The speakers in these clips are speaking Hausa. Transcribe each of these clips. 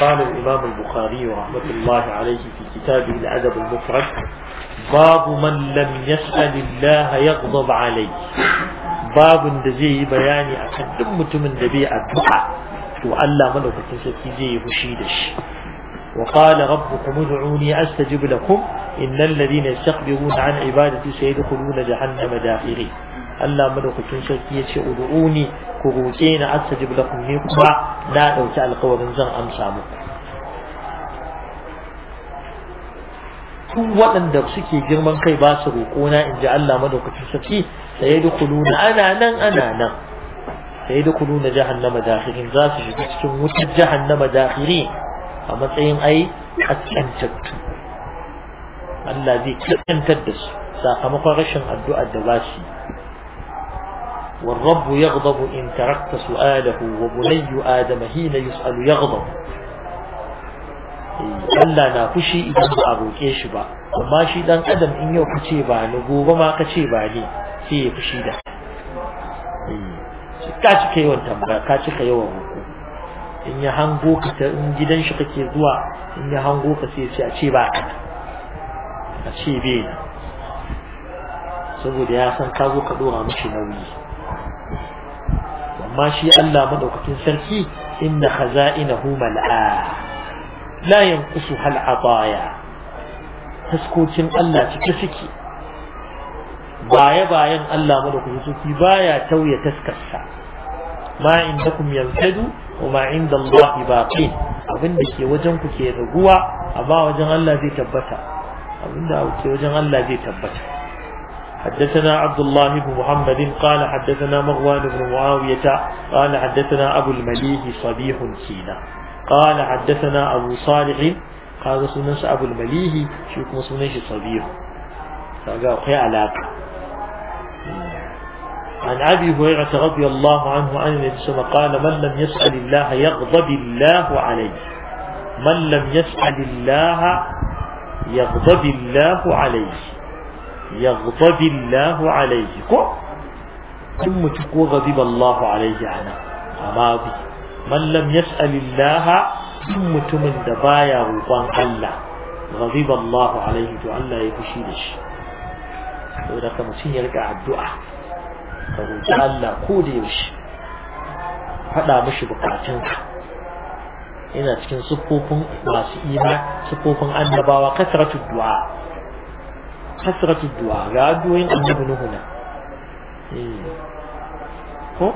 قال الإمام البخاري رحمة الله عليه في كتابه الأدب المفرد باب من لم يسأل الله يغضب عليه باب دزي بياني أكدم من دبي أدعى وألا من أكتسك زي فشيدش وقال ربكم ادعوني أستجب لكم إن الذين يستقبلون عن عبادتي سيدخلون جهنم داخلين Allah madaukakin sarki ya ce ud'uni ku roƙe ni astajib lakum ni kuma na ɗauki alƙawarin zan amsa muku tun waɗanda suke girman kai ba su roƙo na in ji Allah madaukakin sarki sai dukuluna ana nan ana nan sai dukuluna jahannama dakhirin za su shiga cikin wutar jahannama dakhiri a matsayin ai kaskantattu Allah zai kaskantar da su sakamakon rashin addu'ar da ba su yi والرب يغضب إن تركت سؤاله وبني آدم حين يسأل يغضب Allah na fushi idan ba a roƙe shi ba amma shi dan adam in yau kace ba ni gobe ma kace ba sai ya fushi da ka cika yawan tambaya ka cika yawan roƙo in ya hango ka ta in gidan shi zuwa in ya hango ka sai a ce ka a ce bai na saboda ya san ka zo ka dora nauyi amma shi Allah madaukakin sarki inna khaza'inahu mal'a la yanqusu hal baya taskocin Allah cike suke baya bayan Allah madaukakin sarki baya tauye taskarsa ma indakum yanfadu wa ma inda Allah baqin abinda ke wajen ku ke raguwa amma wajen Allah zai tabbata abinda ke wajen Allah zai tabbata حدثنا عبد الله بن محمد قال حدثنا مغوان بن معاوية قال حدثنا أبو المليح صبيح سينا قال حدثنا أبو صالح قال سننش أبو المليح شو كما صبيح فقال خي علاقة عن أبي هريرة رضي الله عنه عن النبي قال من لم يسأل الله يغضب الله عليه من لم يسأل الله يغضب الله عليه ya gbabi Allahu Alayhi ko? Kun mutu ko gbabi Allahu Alayhi a amma bi, mallam ya tsali Laha sun mutumin da baya roƙon Allah, gbabi Allahu Alayhi to Allah ya fushi da shi. Sau da ka mutum ya riƙa addu’a, ka roƙi Allah ko da yaushe, faɗa mashi bukatunka. Yana cikin siffofin masu ima, siffofin annabawa, kasar tuddu'a. كثرة الدعاء لا أدوين أجبن هنا إيه. هو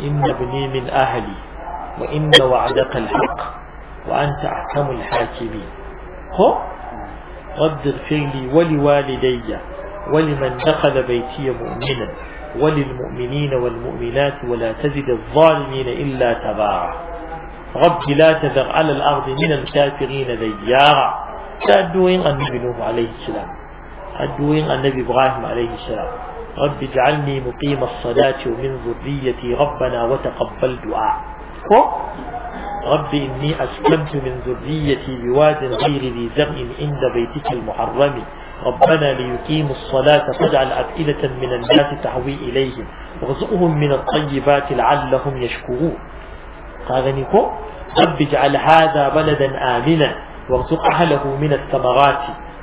إن ابني من أهلي وإن وعدك الحق وأنت أحكم الحاكمين هو رب في لي ولوالدي ولمن دخل بيتي مؤمنا وللمؤمنين والمؤمنات ولا تزد الظالمين إلا تبارا رب لا تذر على الأرض من الكافرين ديارا تأدوين النبي نوح عليه السلام أدوين النبي إبراهيم عليه السلام رب اجعلني مقيم الصلاة ومن ذريتي ربنا وتقبل دعاء رب إني أسلمت من ذريتي بواد غير ذي زرع عند بيتك المحرم ربنا ليقيموا الصلاة فاجعل أفئدة من الناس تهوي إليهم وارزقهم من الطيبات لعلهم يشكرون كاغنيكو رب اجعل هذا بلدا امنا وارزق اهله من الثمرات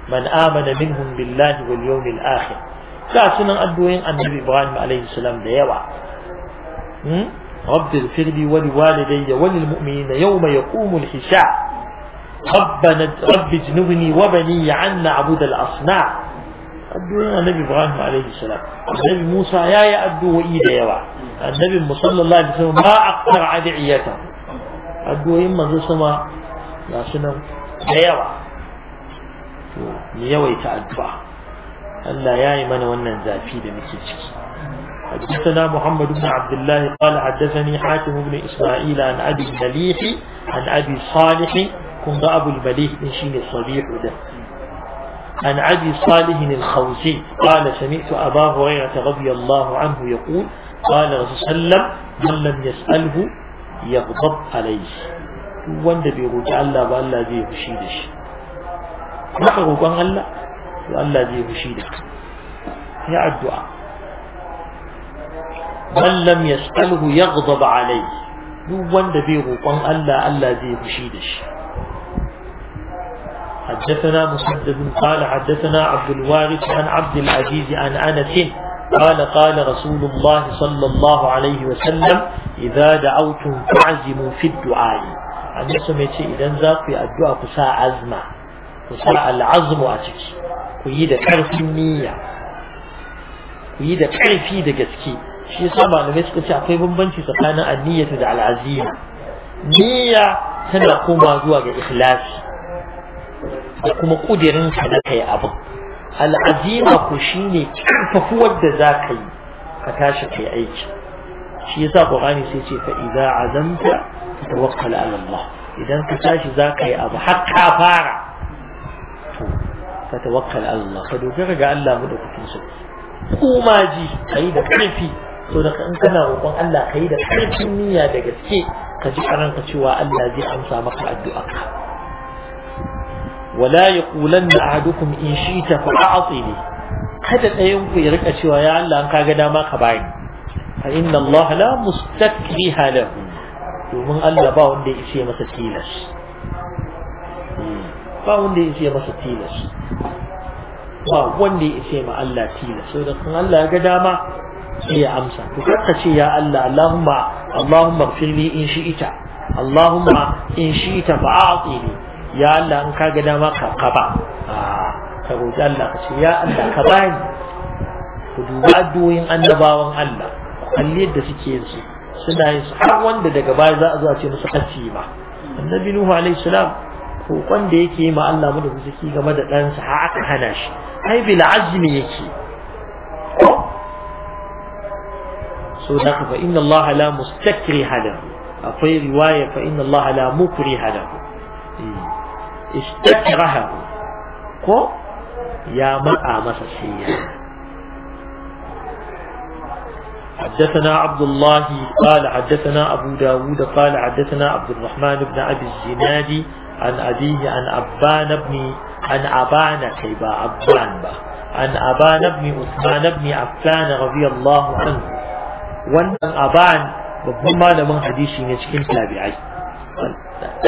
من امن منهم بالله واليوم الاخر كاسنا ادوين النبي ابراهيم عليه السلام ديوا رب اغفر لي ولوالدي وللمؤمنين يوم يقوم الحساب رب اجنبني وبني عن نعبد الاصنام addu'o'in annabi ibrahim alaihi salam annabi musa ya yi addu'o'i da yawa annabi musallallahu alaihi wasallam ba aktar adiyata addu'o'in manzo sama ga su nan da yawa to mu yawaita addu'a Allah ya yi mana wannan zafi da muke ciki حدثنا محمد بن عبد الله قال حدثني حاتم بن إسماعيل عن أبي المليح عن أبي صالح كنت أبو المليح من شين الصبيح ده عن عدي صالح الخوزي قال سمعت أبا هريرة رضي الله عنه يقول قال صلى الله عليه وسلم من لم يسأله يغضب عليه وند بيرجع الله والله بيرشيدش نحر بان الله والله بيرشيدك يا الدعاء من لم يسأله يغضب عليه وند بيرجع الله الله بيرشيدش بي حدثنا مسدد قال حدثنا عبد الوارث عن عبد العزيز عن أنس قال قال رسول الله صلى الله عليه وسلم إذا دعوتم فعزموا في الدعاء عن سميتي إذا ذاق في الدعاء فساء عزمة فساء العزم أتكي قيد كرف النية قيد كرفي دقتكي shi yasa malamai suka كنت اعطي bambanci tsakanin anniyyatu da al'azima niyya tana koma zuwa ga ikhlasi da kuma ƙudirinka na kai abu al'azima ku shine karfafuwar da za ka yi ka tashi kai aiki shi yasa qur'ani sai ce fa idza azamta tawakkal ala Allah idan ka tashi za ka yi abu har ka fara to ka tawakkal ala Allah ka dogara ga Allah mu da kukin su kuma ji kai da karfi to da in kana roƙon Allah kai da karfin niyya da gaske ka ji karanka cewa Allah zai amsa maka addu'a wala yaqulanna ahadukum in shita fa a'tini kada ɗayan ku ya rika cewa ya Allah an kaga dama ka bani fa inna Allah la mustakriha lahu domin Allah ba wanda ya ce masa tilas ba wanda ya ce masa tilas ba wanda ya ce ma Allah tilas sai da kan Allah ya ga dama sai ya amsa to ka ce ya Allah Allahumma Allahumma firli in shi'ita Allahumma in shi'ita fa a'tini ya Allah in ka ga ma ka ka ba ah, ka roƙi Allah ka ce ya Allah ka bani ku dubi addu'o'in annabawan Allah ku kalli yadda suke yin su suna yin su har wanda daga baya za a zo a ce musu hacci ma. annabi nuhu alaihi salam kokon da yake ma Allah mu da zaki game da ɗansa har aka hana shi ai bil azmi yake so da fa inna Allah la mustakriha lahu akwai riwaya fa inna Allah la mukriha lahu istaqraha ko يا ما masa sai حدثنا عبد الله قال حدثنا أبو داود قال حدثنا عبد الرحمن بن أبي الزناد عن أبيه عن أبان بن عن أبان كيبا أبان با عن أبان بن عثمان بن عفان رضي الله عنه وأن أبان babban لمن حديثي ne تابعي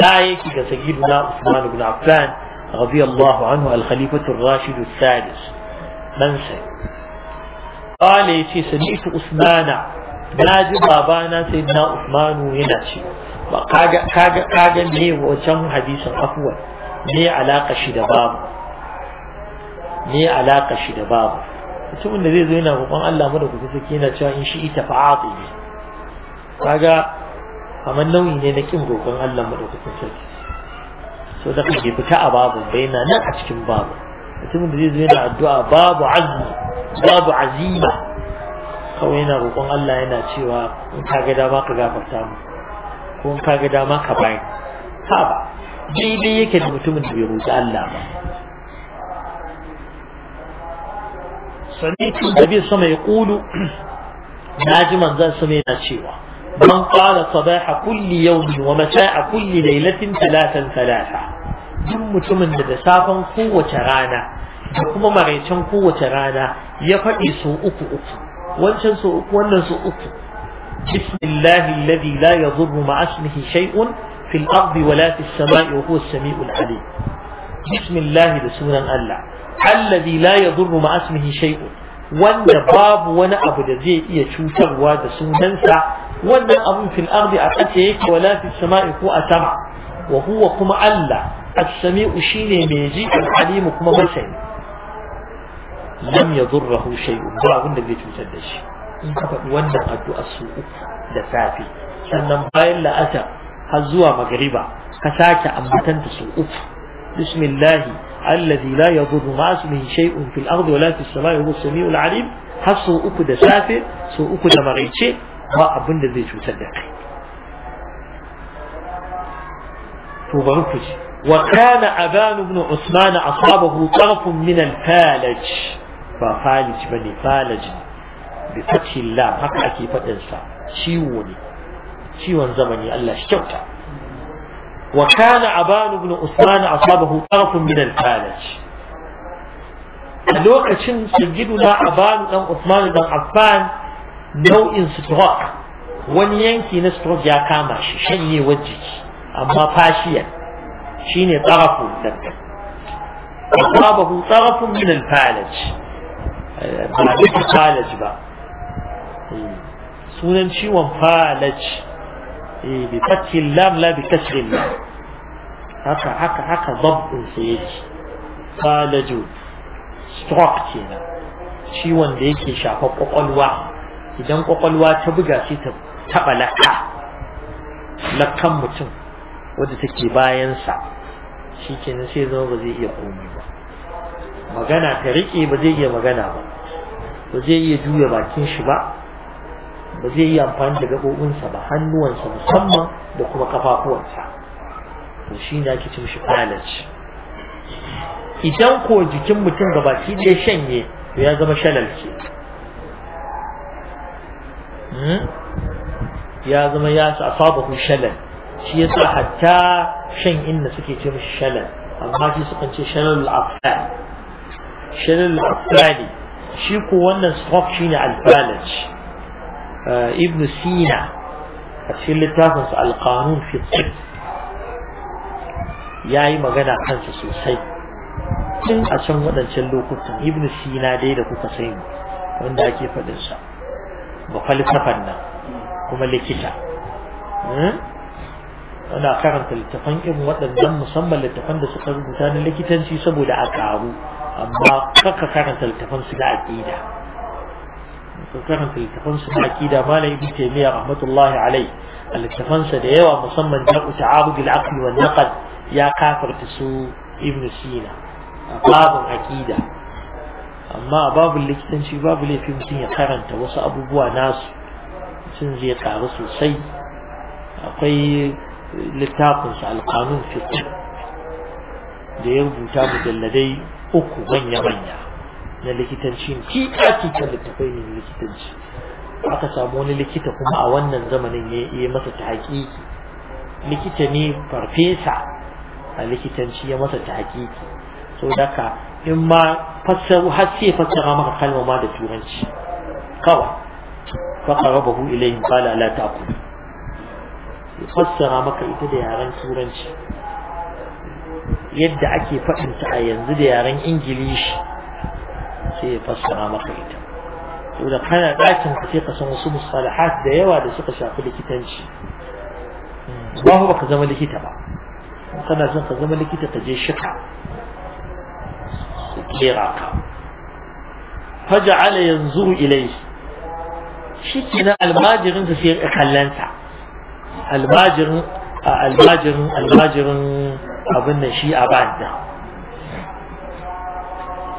لا يكي سيدنا عثمان بن عفان رضي الله عنه الخليفة الراشد السادس من سي قال يتي سمعت عثمان ناجي بابانا سيدنا عثمان يناشي kaga kaga kaga ne wancan hadisin afwan ne alaka shi da babu ne alaka shi da babu mutumin da zai zo yana roƙon Allah mu da kuka saki cewa in shi ita fa'ati kamar nauyi ne na kin roƙon Allah madaukakin sarki so da kake fita a babu baina nan a cikin babu mutumin da zai zo yana addu'a babu azmi babu azima kawai yana roƙon Allah yana cewa in ka ga dama ka gafarta mu ko in ka ga dama ka bayar ha ba daidai yake da mutumin da bai roƙi Allah ba sani tun da bai sama ya kulu na ji manzan sama yana cewa من قال صباح كل يوم ومساء كل ليلة ثلاثا ثلاثا duk mutumin da safan kowace rana da kuma maraicen kowace rana ya faɗi so uku uku wancan so uku wannan so uku bismillahi alladhi la yadurru ma ismihi shay'un fil ardi wala fis samai wa huwa as-sami'ul alim bismillahi da sunan Allah alladhi la yadurru ma ismihi shay'un wanda babu wani abu da zai iya cutarwa da sunansa wannan abun fil ardi a ƙasa yake wala fi sama'i ko a sama wa huwa kuma Allah as-sami'u shine mai ji al-alimu kuma masani lam yadurruhu shay'un ba abin da zai cutar da shi in ka faɗi wannan addu'a su uku da safe sannan bayan la'asar har zuwa magariba ka sake ambatanta su uku bismillahi الذي لا يضر مع اسمه شيء في الأرض ولا في السماء وهو السميع العليم har sau uku da safe sau uku da maraice ba abin da zai cutar da kai to bari ku ji wa kana aban ibn usman asabahu tarf min al falaj ba falaj bane falaj bi fathi la haka ake fadin sa ciwo ne ciwon zamani Allah shi kyauta wa kana aban ibn usman asabahu tarf min al falaj a lokacin sayyiduna aban dan usman dan affan nau'in stroke wani yanki na stroke ya kama shi shanyewar jiki amma fashiya shine tsarafu daga asabahu tsarafun min al ba duka falaj ba sunan ciwon falaj bi fathi lam la bi kasri lam haka haka haka dabbun sa yake falaju stroke kenan ciwon da yake shafa kwakwalwa idan kwakwalwa ta buga shi ta taba laka lakan mutum wadda take bayansa shi kenan sai zama ba zai iya komi ba magana ta riƙe ba zai iya magana ba ba zai iya juya bakin shi ba ba zai iya amfani da gaɓoɓinsa ba hannuwansa musamman da kuma kafafuwansa to shi ne ake cin shi falaci idan ko jikin mutum gabaki ɗaya shanye to ya zama shalal Hmm? ya zama ya asabahu shalal shi sa hatta shan inna suke ce mishi shalal amma shi sukan ce shalal al-afal shalal al-afali shi ko wannan stroke shine al-falaj uh, ibn sina a cikin littafin sa al-qanun fi tib yayi magana kansa sosai tun a can waɗancan lokutan ibn sina dai da kuka sani wanda ake faɗin sa ba falsafan nan kuma likita ana karanta littafan irin waɗannan musamman littafan da suka rubuta na likitanci saboda a karu amma kaka karanta littafan su na aƙida ka karanta littafan su na aƙida malam ibn taymiya rahmatullahi alai a littafan sa da yawa musamman da ta'arud al-aql wa naqd ya kafarta su ibn sina babun aƙida amma babu likitanci babu laifi mutum ya karanta wasu abubuwa nasu mutum zai karu sosai akwai littafinsu alkanun fit da ya rubuta mujalladai uku manya-manya na likitanci kika-kika littafai ne likitanci aka samu wani likita kuma a wannan zamanin ya yi masa ta hakiki likita ne farfesa a likitanci ya masa ta hakiki daka. daga in ma fassaru har sai fassara maka kalma ma da turanci kawai fa qarabahu ilayhim qala la ta'kul fassara maka ita da yaren turanci yadda ake faɗin ta a yanzu da yaren ingilishi sai ya fassara maka ita saboda kana ɗakin ka sai ka san wasu musalahat da yawa da suka shafi likitanci ba ka zama likita ba kana son ka zama likita ka je shika kera ka yanzu ilai shi shikenan almajirin sa sai ya kallanta almajirin almajirin almajirin abin da shi a banda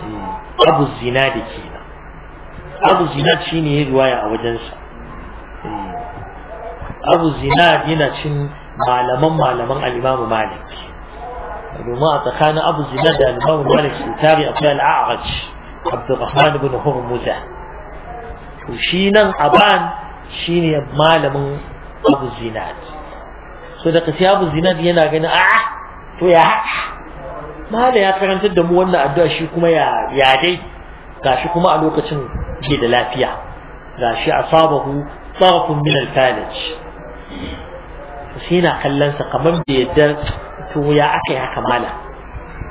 eh, abu zina da ke abu zina shine ya riwaya a wajensa eh, abu zina yana cin malaman malaman alimamu malik domin a tsakanin abu zina da alimamu malik sultari akwai al'a'araj abdurrahman bin hurmuza to shi nan aban shine malamin abu zina so da kasi abu zina yana ganin a'a to ya haka mala ya karantar da mu wannan addu'a shi kuma ya ya dai gashi kuma a lokacin ke da lafiya gashi a sarfun min al-falaj sai na kallon sa kamar bai yadda to ya aka yi kamala mala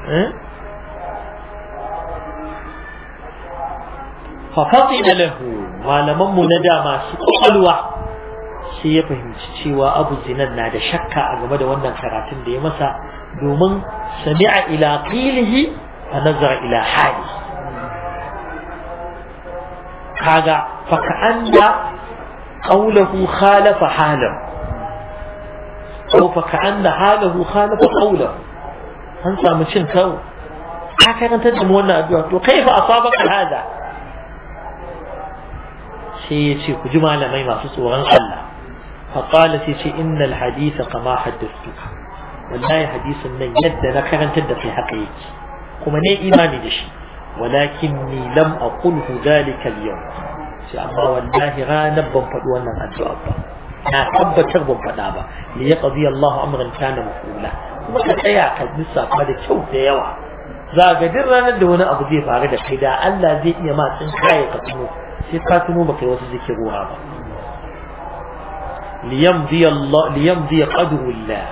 hmm? fafaɗi da lahu malamanmu na da masu ƙwaƙwalwa sai ya fahimci cewa abu zinan na da shakka a game da wannan karatun da ya masa domin sami'a ila qilihi a nazara ila hali kaga fa ka'anda qawluhu khalafa halahu أو فكأن حاله خالف قوله هنسى من شن كو حكا أن تجم أدوات وكيف أصابك هذا شيء شيء جمع لما ما فسوا وانقلا فقال شيء شيء إن الحديث كما حدثتك والله حديث من يد لك أن تدق في حقيقة كما ني إيماني لشيء ولكني لم أقله ذلك اليوم سيما والله غانب بمفدوانا أدوات أحب كذب فدابا ليقضي الله أمرا كان مفعولا وكذا يا قد نسا قد كوت يوا زاغ درا ندونا أبو دي فاغدا كدا ألا زي يما تنكاي قتمو سي قتمو مكي وسزيكي روها ليمضي الله ليمضي قدر الله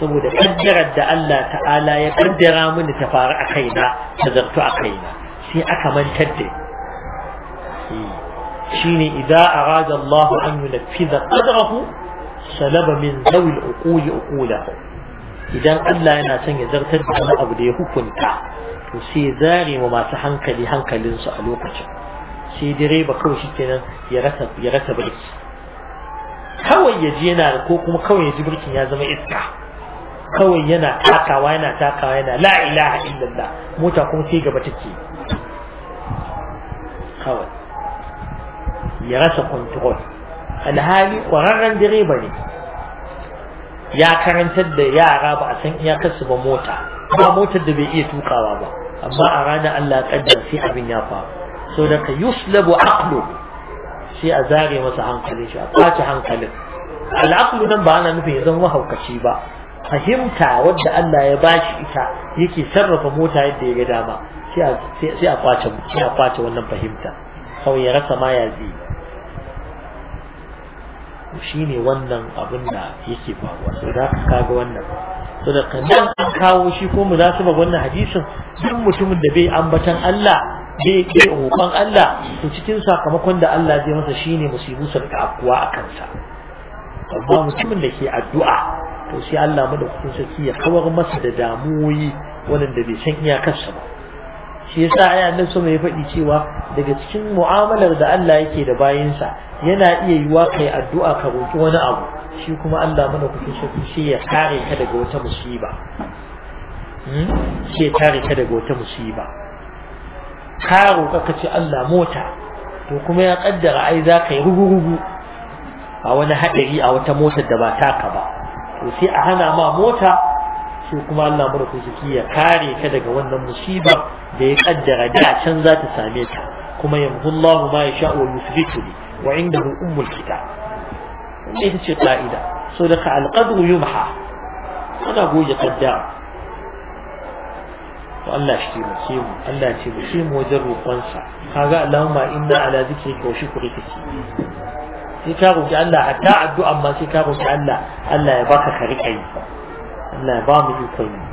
سبود قدر الدى ألا تعالى يقدر من تفارق أخينا تذرت أخينا سي أكمن تدري shine idza arada Allahu an yunfiza qadrahu salaba min zawil uquli uqulahu idan Allah yana son ya zartar da wani abu da ya hukunta to sai zare ma masu hankali hankalinsu a lokacin sai direba kawai shi kenan ya rasa birki kawai ya ji yana ko kuma kawai ya ji birkin ya zama iska kawai yana takawa yana takawa yana la ilaha illallah mota kuma sai gaba take kawai ya rasa control alhali ƙwararren direba ne ya karantar da yara ba a san iyakarsu ba mota ba motar da bai iya tukawa ba amma a ranar Allah kaddar sai abin ya faru so da ka yuslabu aqlu sai a zare masa hankalin shi a kwace hankalin al'aqlu nan ba ana nufin ya zama haukaci ba fahimta wadda Allah ya bashi ita yake sarrafa mota yadda ya ga dama sai a kwace sai a kwace wannan fahimta kawai ya rasa ma ya zai shine wannan abin da yake faruwa to da ka ga wannan so da kan an kawo shi ko mu zasu ba wannan hadisin duk mutumin da bai ambatan Allah bai bai roƙon Allah to cikin sakamakon da Allah zai masa shine musibu sun ka afkuwa a kansa amma mutumin da ke addu'a to sai Allah madaukakin sarki ya kawar masa da damuwoyi wanda bai san iyakarsa ba shi yasa ai annabi sama ya faɗi cewa daga cikin mu'amalar da Allah yake da bayinsa yana iya yiwa kai addu'a ka roki wani abu shi kuma Allah mana kuke shi shi ya kare ka daga wata musiba hmm? shi ya kare ka daga wata musiba ka roka ka ce Allah mota to kuma ya kaddara ai za ka yi rugurugu a wani haɗari a wata motar da ba taka ba to sai a hana ma mota sai kuma Allah mura kuzuki ya kare ka daga wannan musiba da ya kaddara da can za ta same ka kuma yamhullahu ma yasha wa yusbitu wa indahu ummul kitab ita ce ka'ida so da ka alqadru yumha ana goge kaddara to Allah shi ke mace mu Allah ce mace mu wajen roƙonsa kaga Allahumma inna ala zikrika wa shukrika sai ka roƙi Allah hatta addu'a ma sai ka roƙi Allah Allah ya baka ka riƙa yi Allah ya ba